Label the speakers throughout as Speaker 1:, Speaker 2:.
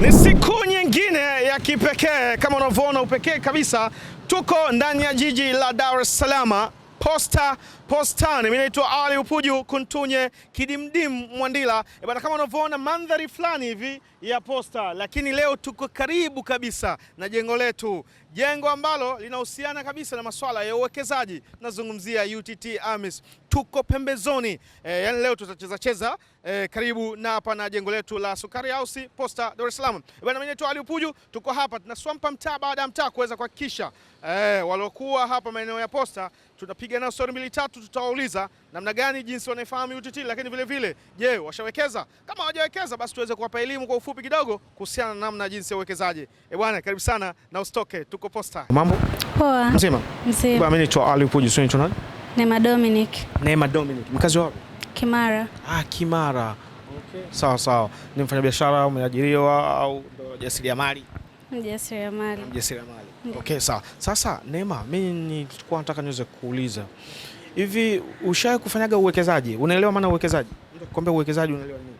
Speaker 1: Ni siku nyingine ya kipekee kama unavyoona, upekee kabisa. Tuko ndani ya jiji la Dar es Salaam, Posta Postani. Mimi naitwa Ali Upuju Kuntunye Kidimdim Mwandila. E bana, kama unavyoona mandhari fulani hivi ya Posta, lakini leo tuko karibu kabisa na jengo letu, jengo ambalo linahusiana kabisa na masuala ya uwekezaji. Nazungumzia UTT AMIS, tuko pembezoni e, yani leo tutacheza cheza E, karibu na hapa na jengo letu la Sukari House Posta, Dar es Salaam. Eh, bwana mwenye tu Ali Upuju, tuko hapa tunaswampa mtaa baada ya mtaa kuweza kuhakikisha e, waliokuwa hapa maeneo ya Posta tunapiga nao stori mbili tatu, tutawauliza namna gani jinsi wanaifahamu UTT, lakini vile vile, je, washawekeza? Kama hawajawekeza, basi tuweze kuwapa elimu kwa ufupi kidogo kuhusiana na namna jinsi ya uwekezaji. E, bwana, karibu sana na usitoke, tuko Posta.
Speaker 2: Mambo poa? Mzima mzima. Bwana mimi ni Ali Upuju, sio nani?
Speaker 3: Neema Dominic.
Speaker 2: Neema Dominic, mkazi wapi? Kimara. Ah, Kimara. Okay. Sawa sawa. Ni mfanyabiashara, umeajiriwa au mjasiriamali?
Speaker 3: Mjasiriamali.
Speaker 2: Mjasiriamali. Okay, sawa. Sasa Neema, mimi nilikuwa nataka niweze kuuliza hivi, ushawahi kufanyaga uwekezaji? Unaelewa maana uwekezaji? Nikwambia uwekezaji unaelewa nini?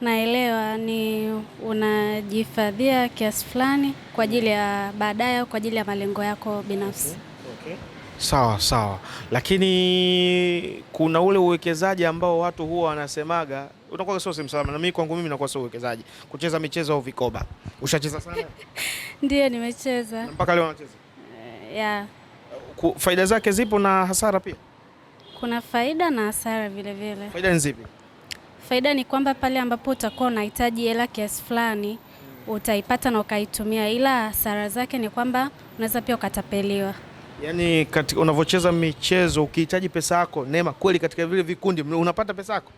Speaker 3: Naelewa ni unajihifadhia kiasi fulani kwa ajili ya baadaye, kwa ajili ya malengo yako binafsi. Okay.
Speaker 2: Okay. Sawa sawa, lakini kuna ule uwekezaji ambao watu huwa wanasemaga unakuwa sio msalama, na mimi kwangu mimi nakuwa sio uwekezaji, kucheza michezo au vikoba. Ushacheza sana?
Speaker 3: Ndiyo, nimecheza
Speaker 2: mpaka leo anacheza. Uh, eh, yeah. Faida zake zipo na hasara pia.
Speaker 3: Kuna faida na hasara vile vile. Faida ni zipi? Faida ni kwamba pale ambapo utakuwa unahitaji hela kiasi fulani, hmm, utaipata na ukaitumia, ila hasara zake ni kwamba unaweza pia ukatapeliwa.
Speaker 2: Yaani kati unavyocheza michezo ukihitaji pesa yako, Neema, kweli katika vile vikundi unapata pesa yako?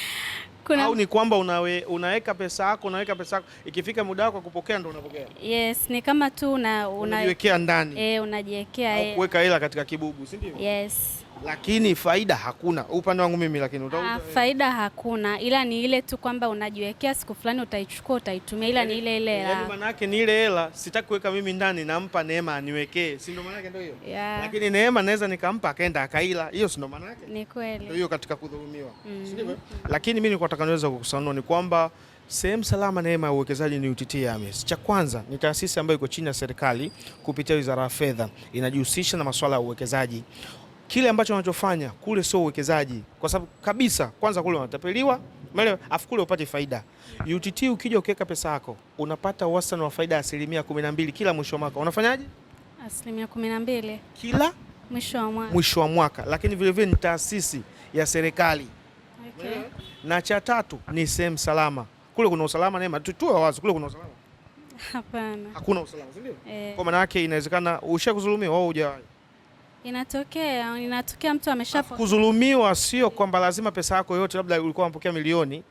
Speaker 2: Kuna... au ni kwamba unawe, unaweka pesa yako unaweka pesa yako ikifika muda wako kupokea ndo unapokea?
Speaker 3: Yes, ni kama tu una, una...
Speaker 2: unajiwekea ndani.
Speaker 3: Eh, unajiwekea au
Speaker 2: eh. kuweka hela katika kibubu, si ndio?
Speaker 3: Yes
Speaker 2: lakini faida hakuna upande wangu mimi, lakini
Speaker 3: uta... ha, ah, faida hakuna, ila ni ile tu kwamba unajiwekea siku fulani utaichukua utaitumia, ila ni ile ile hela. Yaani
Speaker 2: Maana yake ni ile hela sitaki kuweka mimi ndani, nampa Neema aniwekee, si ndio? Maana yake ndio hiyo yeah. Lakini Neema naweza nikampa akaenda akaila, hiyo si ndio? Maana yake
Speaker 3: ni kweli, ndio
Speaker 2: hiyo katika kudhulumiwa, mm si mhm. ndivyo? Lakini mimi nilikuwa nataka niweza kukusanua ni kwamba sehemu salama Neema ya uwekezaji ni UTT AMIS. Cha kwanza ni taasisi ambayo iko chini ya serikali kupitia Wizara ya Fedha, inajihusisha na masuala ya uwekezaji kile ambacho wanachofanya kule sio uwekezaji, kwa sababu kabisa, kwanza kule wanatapeliwa, umeelewa? Afu kule upate faida. UTT ukija ukiweka pesa yako unapata wastani wa faida asilimia kumi na mbili kila mwisho wa mwaka. Unafanyaje?
Speaker 3: asilimia kumi na mbili kila mwisho wa mwaka,
Speaker 2: mwisho wa mwaka. Lakini vilevile ni taasisi ya serikali okay. Na cha tatu ni sehemu salama. Kule kuna usalama Neema, tuwe wazi, kule kuna usalama?
Speaker 3: Hapana,
Speaker 2: hakuna usalama, si ndio? E. Kwa maana yake inawezekana ushakuzulumiwa au hujawahi
Speaker 3: Inatokea, inatokea mtu ameshapo
Speaker 2: kuzulumiwa, Sio kwamba lazima pesa yako yote, labda ulikuwa unapokea milioni,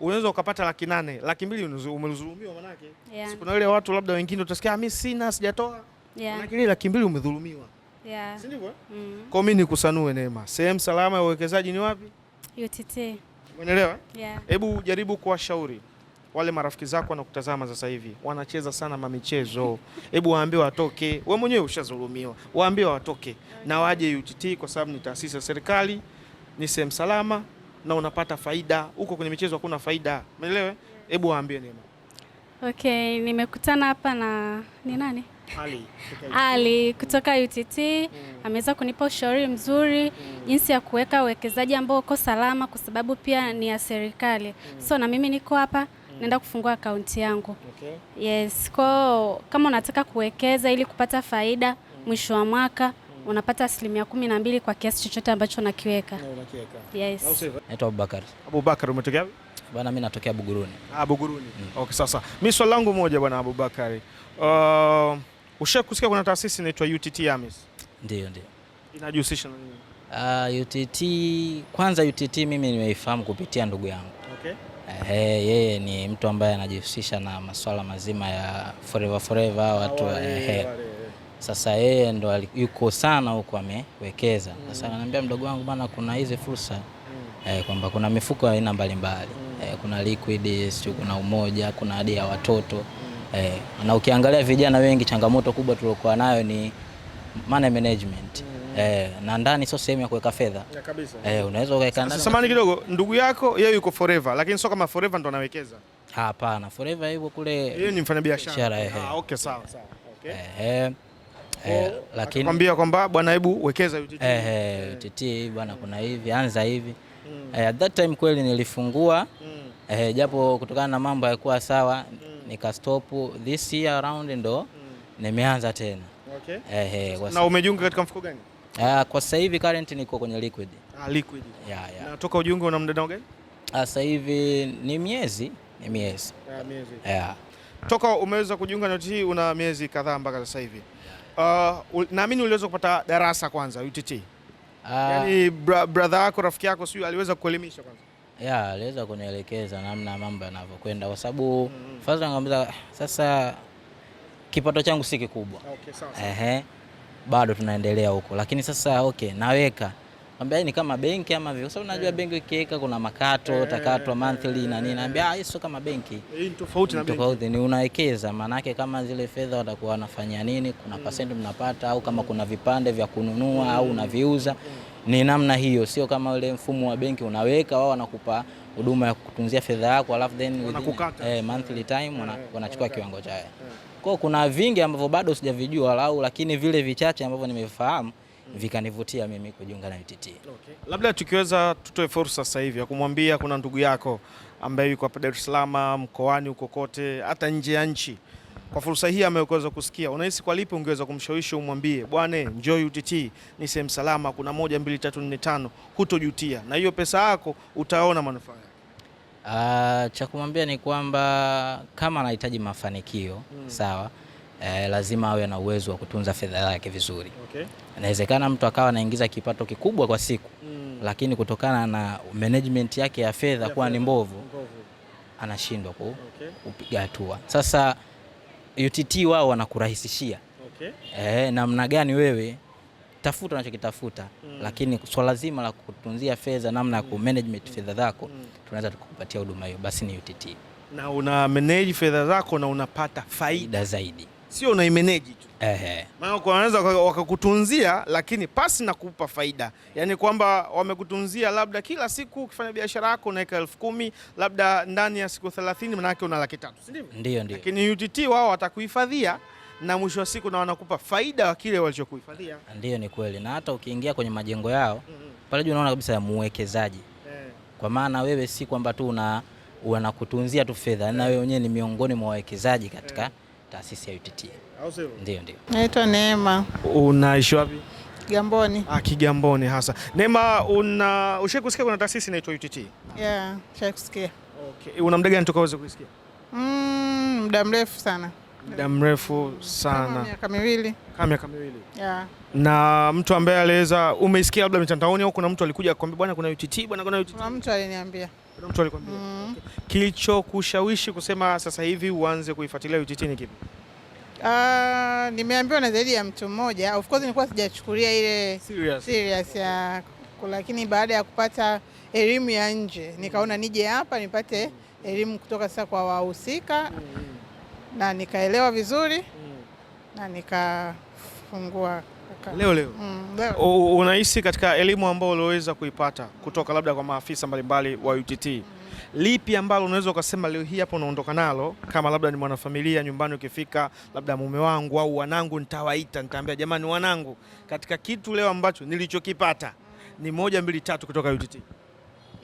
Speaker 2: unaweza ukapata laki nane, laki mbili umedhulumiwa. Manake yeah. kuna wale watu labda wengine utasikia mimi ah, sina, sijatoa yeah. laki mbili umedhulumiwa yeah. si ndivyo? mm. Kwa mimi nikusanue Neema, sehemu salama ya uwekezaji ni wapi? UTT. Umeelewa? Hebu jaribu kuwashauri wale marafiki zako wanakutazama sasa hivi, wanacheza sana mamichezo. Hebu waambie watoke, we mwenyewe ushazulumiwa, waambie watoke na waje UTT, kwa sababu ni taasisi ya serikali, ni sehemu salama na unapata faida huko. Kwenye michezo hakuna faida, umeelewa? Hebu waambie Neema.
Speaker 3: Okay, nimekutana hapa na ni nani? Ali, Ali kutoka UTT mm. ameweza kunipa ushauri mzuri mm. jinsi ya kuweka uwekezaji ambao uko salama, kwa sababu pia ni ya serikali mm. so na mimi niko hapa naenda kufungua akaunti yangu. Okay. Yes, kwa kama unataka kuwekeza ili kupata faida mm. mwisho wa mwaka mm. unapata asilimia kumi na mbili kwa kiasi chochote ambacho unakiweka. Yes.
Speaker 4: Naitwa Abubakar.
Speaker 2: Abubakar, umetokea wapi?
Speaker 4: Bwana mimi natokea Buguruni.
Speaker 2: Ah, Buguruni. Mm. Okay, sasa mimi swali langu moja bwana Abubakar. Uh, kusikia kuna taasisi inaitwa UTT AMIS? Ndio, ndio. Inajihusisha na nini?
Speaker 4: Uh, ah, UTT kwanza UTT mimi nimeifahamu kupitia ndugu yangu. Okay. Hey, yeye ni mtu ambaye anajihusisha na masuala mazima ya forever forever ah, watu hey. Sasa yeye ndo yuko sana huko amewekeza. Mm. Sasa ananiambia mdogo wangu bana, kuna hizi fursa mm. eh, kwamba kuna mifuko ya aina mbalimbali mm. eh, kuna liquid, sio kuna umoja, kuna hadi ya watoto eh, na ukiangalia vijana wengi changamoto kubwa tuliokuwa nayo ni money management eh, na ndani sio sehemu ya kuweka fedha kabisa. Eh, unaweza ukaweka ndani.
Speaker 2: Samani kidogo, ndugu yako yeye yuko forever, lakini sio kama forever ndo anawekeza.
Speaker 4: Hapana, forever yuko kule, yeye
Speaker 2: ni mfanyabiashara. Ah, okay, sawa sawa, okay.
Speaker 4: Eh, eh, lakini
Speaker 2: kwambia kwamba bwana, hebu wekeza UTT.
Speaker 4: Eh, eh, UTT bwana, kuna hivi, anza hivi. Mm. Eh, at that time kweli nilifungua Mm. eh, japo kutokana na mambo hayakuwa sawa mm. nika stop this year around ndo mm. nimeanza tena.
Speaker 2: Okay. Eh, eh, na umejiunga katika mfuko gani?
Speaker 4: Uh, kwa sasa hivi current niko kwenye liquid. Ah, liquid. Yeah, yeah. Na
Speaker 2: toka ujiunge una muda gani?
Speaker 4: Ah, sasa hivi ni miezi, ni miezi. Yeah, miezi. Yeah.
Speaker 2: Toka umeweza kujiunga na UTT una miezi kadhaa mpaka sasa hivi. Yeah. Uh, naamini uliweza kupata darasa kwanza UTT. Uh, yaani bra brother yako rafiki yako sio aliweza kukuelimisha kwanza?
Speaker 4: Yeah, aliweza kunielekeza namna mambo yanavyokwenda kwa sababu mm -hmm. Sasa kipato changu si kikubwa. Okay, sawa sawa. Eh bado tunaendelea huko, lakini sasa okay, naweka ambia ni kama benki ama vile, sababu unajua eh. benki ukiweka kuna makato eh. takato monthly na nini, naambia ah, sio kama benki
Speaker 2: tofauti na benki tofauti, ni
Speaker 4: unawekeza. Maana yake kama zile fedha watakuwa wanafanya nini, kuna mm. percent mnapata, au kama kuna vipande vya kununua au mm. unaviuza, mm. ni namna hiyo, sio kama ule mfumo wa benki unaweka wao wanakupa huduma ya kutunzia fedha yako, alafu then eh, monthly time eh, wana, yeah, wanachukua yeah, kiwango cha yeah. Eh. Kwa kuna vingi ambavyo bado sijavijua lau, lakini vile vichache ambavyo nimefahamu mm. vikanivutia mimi kujiunga na UTT. Okay.
Speaker 2: Labda tukiweza tutoe fursa sasa hivi ya kumwambia kuna ndugu yako ambaye yuko hapa Dar es Salaam mkoani, huko kote, hata nje ya nchi kwa fursa hii ameweza kusikia, unahisi kwa lipi ungeweza kumshawishi umwambie, bwana njoo UTT ni sehemu salama, kuna moja mbili tatu nne tano, hutojutia na hiyo pesa yako utaona manufaa.
Speaker 4: Uh, cha kumwambia ni kwamba kama anahitaji mafanikio hmm, sawa Eh, lazima awe na uwezo wa kutunza fedha yake vizuri. Okay. Inawezekana mtu akawa anaingiza kipato kikubwa kwa siku hmm, lakini kutokana na management yake ya fedha kuwa ni mbovu, anashindwa kupiga hatua. Sasa UTT wao wanakurahisishia okay. E, namna gani wewe tafuta unachokitafuta mm. Lakini swala zima la kutunzia fedha, namna ya hmm. kumanagement mm. fedha zako mm. tunaweza tukupatia huduma hiyo, basi ni UTT
Speaker 2: na una manage fedha zako na unapata faida zaidi sio unaimeneji tu ehe, maana wanaweza wakakutunzia, lakini pasi na kukupa faida, yaani kwamba wamekutunzia labda kila siku ukifanya biashara yako unaweka elfu kumi labda ndani ya siku 30 manake una laki tatu, si ndivyo? Ndio, ndio. Lakini UTT wao watakuhifadhia na mwisho wa siku na wanakupa faida wa kile walichokuhifadhia.
Speaker 4: Ndio, ni kweli, na hata ukiingia kwenye majengo yao mm -hmm. pale juu unaona kabisa ya muwekezaji eh. kwa maana wewe si kwamba tu una wanakutunzia tu fedha, na wewe mwenyewe ni miongoni mwa wawekezaji katika eh taasisi ya UTT. Au sio? Ndio, ndio.
Speaker 3: Naitwa Neema.
Speaker 2: Unaishi wapi?
Speaker 3: Kigamboni. Ah,
Speaker 2: Kigamboni hasa. Neema, una ushawahi kusikia kuna taasisi inaitwa UTT?
Speaker 3: Yeah, ushawahi kusikia.
Speaker 2: Okay. Una muda gani toka uweze kuisikia?
Speaker 3: Mm, muda mrefu sana.
Speaker 2: Muda mrefu sana. Miaka miwili. Kama miaka miwili. Yeah. Na mtu ambaye aliweza umeisikia labda mitandaoni au kuna mtu alikuja akwambia bwana kuna UTT, bwana kuna UTT? Kuna
Speaker 3: mtu aliniambia
Speaker 2: mtu alikwambia. mm. Okay. Kilichokushawishi kusema sasa hivi uanze kuifuatilia UTT ni kipi?
Speaker 3: Uh, nimeambiwa na zaidi ya mtu mmoja. Of course nilikuwa sijachukulia ile serious, serious ya lakini baada ya kupata elimu ya nje nikaona nije hapa nipate elimu kutoka sasa kwa wahusika mm. na nikaelewa vizuri mm. na nikafungua
Speaker 2: leo leo. Mm, leo. Unahisi katika elimu ambayo uliweza kuipata kutoka labda kwa maafisa mbalimbali wa UTT mm, lipi ambalo unaweza ukasema leo hii hapo unaondoka nalo kama labda ni mwanafamilia nyumbani, ukifika labda mume wangu au wanangu, nitawaita nitaambia, jamani wanangu, katika kitu leo ambacho nilichokipata ni moja mbili tatu kutoka UTT?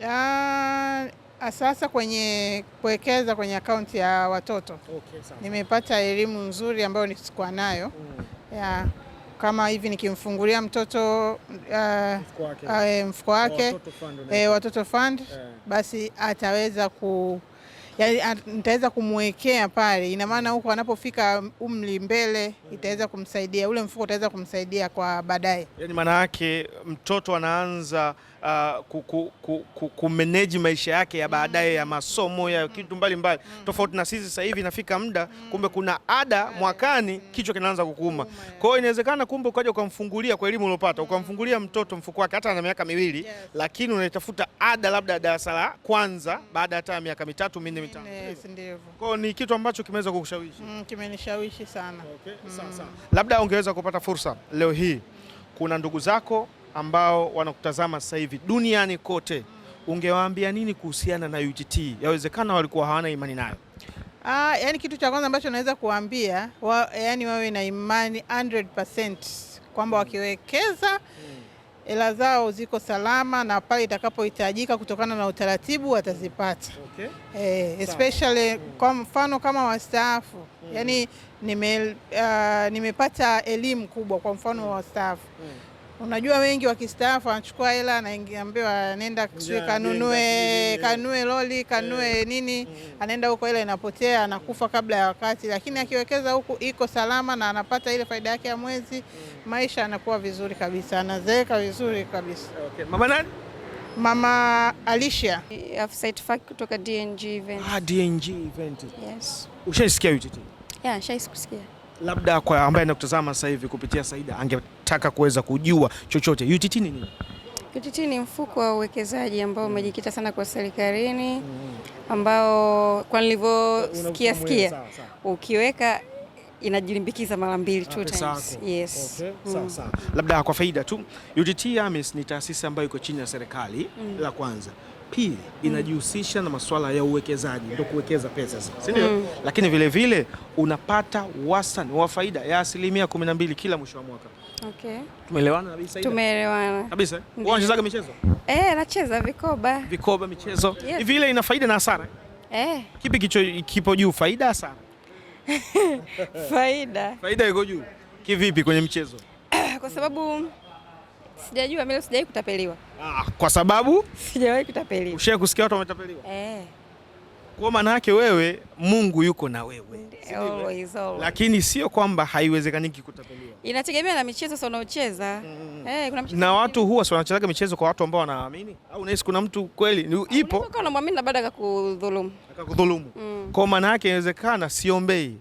Speaker 3: Ya, sasa kwenye kuwekeza kwenye akaunti ya watoto okay, nimepata elimu nzuri ambayo nisikuwa nayo mm. ya kama hivi nikimfungulia mtoto uh, mfuko eh, eh,
Speaker 2: wake watoto fund,
Speaker 3: eh, watoto fund yeah. Basi ataweza ku Yaani, ah, nitaweza kumwekea pale, ina maana huko anapofika umri mbele itaweza kumsaidia, ule mfuko utaweza kumsaidia kwa baadaye.
Speaker 2: Yani maana yake mtoto anaanza uh, ku, ku kumeneji maisha yake ya baadaye ya masomo ya kitu mbalimbali mbali. Mm. Tofauti na sisi sasa hivi inafika muda, mm. kumbe kuna ada mwakani, mm. kichwa kinaanza kukuuma. Kwa hiyo inawezekana kumbe ukaja ukamfungulia kwa elimu uliopata, ukamfungulia mtoto mfuko wake hata ana miaka miwili yes. Lakini unaitafuta ada labda darasa la kwanza baada hata ya miaka mitatu minne tano. si ndivyo. Kwa ni kitu ambacho kimeweza kukushawishi?
Speaker 3: Mm, kimenishawishi sana.
Speaker 2: Okay. Mm. Sawa sawa. Labda ungeweza kupata fursa leo hii, kuna ndugu zako ambao wanakutazama sasa hivi duniani kote, ungewaambia nini kuhusiana na UTT? Yawezekana walikuwa hawana imani nayo.
Speaker 3: Ah, yani kitu cha kwanza ambacho naweza kuwaambia wa, yani wawe na imani 100% kwamba wakiwekeza mm hela zao ziko salama na pale itakapohitajika kutokana na utaratibu watazipata. Okay. Eh, especially mm. Kwa mfano kama wastaafu mm. Yani nime, uh, ah, nimepata elimu kubwa kwa mfano wa wastaafu mm. Unajua wengi wakistaafu anachukua hela anaambiwa nenda sijui kanunue kanue loli eh. kanue mm. nini, anaenda huko, hela inapotea, anakufa kabla ya wakati. Lakini akiwekeza huku iko salama na anapata ile faida yake ya mwezi, mm. maisha anakuwa vizuri kabisa, anazeeka vizuri kabisa.
Speaker 2: Okay. Mama nani?
Speaker 3: Mama Alicia
Speaker 5: afisa itifaki kutoka DNG event.
Speaker 2: Ah, DNG event. Yes. Ushaisikia hiyo
Speaker 5: Yeah, shaisikia
Speaker 2: labda kwa ambaye anakutazama sasa hivi kupitia Saida angetaka kuweza kujua chochote, UTT ni nini?
Speaker 5: UTT ni mfuko wa uwekezaji ambao mm. umejikita sana kwa serikalini, mm. ambao kwa nilivyosikia sikia, ukiweka inajilimbikiza mara mbili ah, two times.
Speaker 2: Yes. Okay. Mm. Sawa Labda kwa faida tu, UTT AMIS ni taasisi ambayo iko chini ya serikali mm. la kwanza Pili, mm. inajihusisha na masuala ya uwekezaji, ndio kuwekeza pesa sasa, si ndio? Mm. Lakini vile vile unapata wastani wa faida ya asilimia 12 kila mwisho wa mwaka. Okay. Tumeelewana kabisa
Speaker 5: Tumeelewana.
Speaker 2: Kabisa. Unachezaga michezo?
Speaker 5: Eh, nacheza vikoba.
Speaker 2: Vikoba michezo. Hivi ile ina faida na hasara? Eh. Kipi kicho kipo juu faida hasara?
Speaker 5: Faida.
Speaker 2: Faida iko juu. Kivipi kwenye mchezo?
Speaker 5: Kwa sababu Sijajua mimi sijawahi kutapeliwa.
Speaker 2: Ah, kwa sababu
Speaker 5: sijawahi kutapeliwa.
Speaker 2: Ushawahi kusikia watu wametapeliwa? Eh. Kwa maana yake wewe Mungu yuko na wewe. Always, always. Lakini sio kwamba haiwezekani kutapeliwa.
Speaker 5: Inategemea na michezo sasa unaocheza. Mm.
Speaker 2: Eh, kuna michezo. Na watu huwa sio wanacheza michezo kwa watu ambao wanaamini au unahisi kuna mtu kweli ipo. Unaweza
Speaker 5: kuwa unamwamini na baada ya kudhulumu.
Speaker 2: Akakudhulumu. Mm. Kwa maana yake inawezekana siombei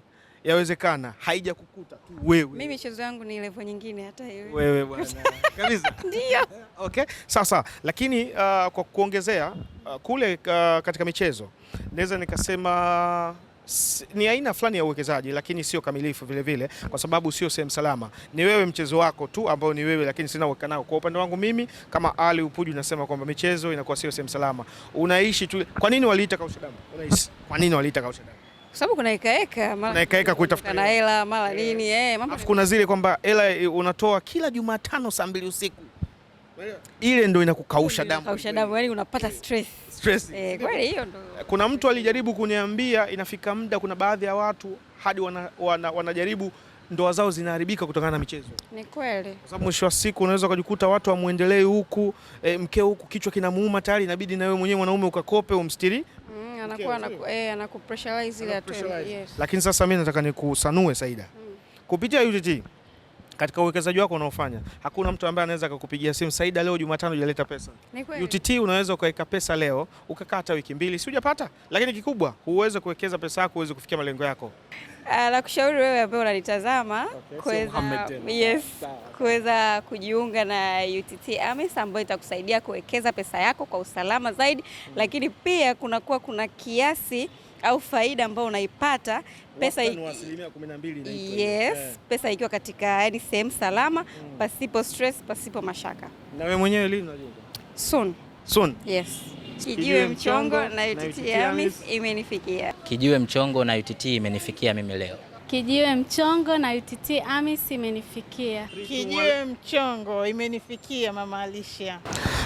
Speaker 2: yawezekana haija kukuta tu wewe.
Speaker 5: Mimi michezo yangu ni level nyingine hata wewe.
Speaker 2: Wewe bwana. Kabisa. Ndio. Okay. Sasa lakini uh, kwa kuongezea uh, kule uh, katika michezo naweza nikasema ni aina fulani ya uwekezaji lakini sio kamilifu vile vile, kwa sababu sio sehemu salama. Ni wewe mchezo wako tu ambao ni wewe, lakini sina uweka nao. Kwa upande wangu mimi kama Ali Upuju nasema kwamba michezo inakuwa sio sehemu salama, unaishi tu. Kwa nini waliita Kaushadamu? Unaishi kwa nini waliita Kaushadamu?
Speaker 5: kwa sababu kuna ikaeka mara
Speaker 2: ikaeka kuitafuta
Speaker 5: na hela mara eh. nini eh, mambo
Speaker 2: kuna zile kwamba hela unatoa kila Jumatano saa mbili usiku ile ndio inakukausha damu,
Speaker 5: kausha damu, yani unapata stress. Stress. Eh, kweli hiyo ndio.
Speaker 2: Kuna mtu alijaribu kuniambia inafika muda, kuna baadhi ya watu hadi wana, wana, wanajaribu ndoa zao zinaharibika kutokana na michezo.
Speaker 5: Ni kweli, kwa
Speaker 2: sababu mwisho wa siku unaweza ukajikuta watu hamwendelei huku, e, eh, mke huku kichwa kinamuuma tayari, inabidi na wewe mwenyewe mwanaume ukakope umstiri mm
Speaker 5: anakuwa eh, anaku ile attempt.
Speaker 2: Lakini sasa mimi nataka nikusanue Saida. Mm. Kupitia UTT katika uwekezaji wako unaofanya, hakuna mtu ambaye anaweza kukupigia simu Saida, leo Jumatano hujaleta pesa. UTT unaweza ukaweka pesa leo ukakaa hata wiki mbili, si hujapata, lakini kikubwa huweze kuwekeza pesa yako uweze kufikia malengo yako.
Speaker 5: La ah, kushauri wewe ambaye unanitazama kuweza kujiunga na UTT AMIS ambayo itakusaidia kuwekeza pesa yako kwa usalama zaidi, mm. Lakini pia kunakuwa kuna kiasi au faida ambayo unaipata pesa, i... yes, yeah. Pesa ikiwa katika yani sehemu salama mm. Pasipo stress, pasipo mashaka.
Speaker 2: Na wewe mwenyewe lini unajua? Soon. Soon.
Speaker 5: Yes. Kijiwe mchongo na UTT AMIS imenifikia.
Speaker 4: Kijiwe mchongo na UTT imenifikia mimi leo.
Speaker 3: Kijiwe mchongo na UTT AMIS imenifikia. Kijiwe mchongo imenifikia Mama Alicia.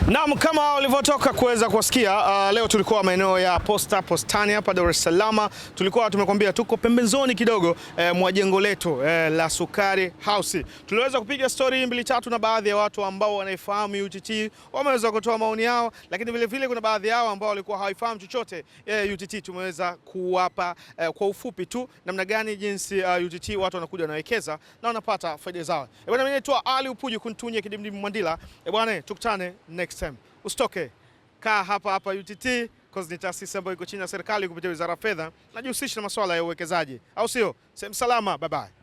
Speaker 2: Naam, kama ulivyotoka kuweza kusikia uh, leo tulikuwa maeneo ya Posta Postani hapa Dar es Salaam. Tulikuwa tumekwambia tuko pembezoni kidogo eh, mwa jengo letu eh, la Sukari House. Tuliweza kupiga story mbili tatu na baadhi ya watu ambao wanaifahamu UTT, wameweza kutoa maoni yao, lakini vile vile kuna baadhi yao ambao walikuwa hawaifahamu chochote eh, UTT. Tumeweza kuwapa eh, kwa ufupi tu namna gani jinsi uh, UTT watu wanakuja wanawekeza na wanapata faida zao. Eh, bwana mimi naitwa Ali Upuji kuntunye kidimdimu Mandila. Eh, bwana tukutane next next time usitoke, kaa hapa hapa UTT cause ni taasisi ambayo iko chini ya serikali kupitia Wizara ya Fedha, najihusisha na masuala ya uwekezaji, au sio? Sehemu salama, bye bye.